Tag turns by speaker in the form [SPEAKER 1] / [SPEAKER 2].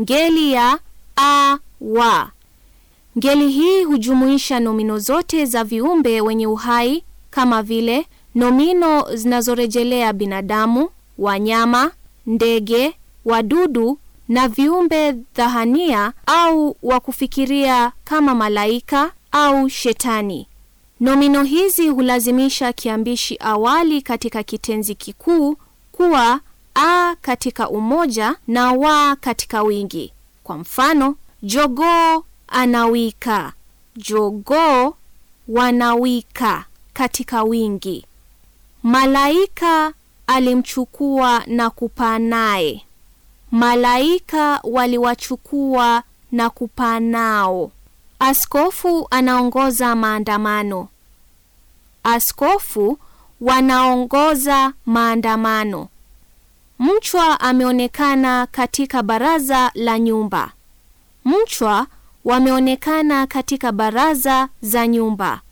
[SPEAKER 1] Ngeli ya a wa. Ngeli hii hujumuisha nomino zote za viumbe wenye uhai kama vile nomino zinazorejelea binadamu, wanyama, ndege, wadudu na viumbe dhahania au wa kufikiria kama malaika au shetani. Nomino hizi hulazimisha kiambishi awali katika kitenzi kikuu kuwa a katika umoja na wa katika wingi. Kwa mfano, jogoo anawika, jogoo wanawika katika wingi. Malaika alimchukua na kupaa naye, malaika waliwachukua na kupaa nao. Askofu anaongoza maandamano, askofu wanaongoza maandamano. Mchwa ameonekana katika baraza la nyumba. Mchwa wameonekana katika baraza
[SPEAKER 2] za nyumba.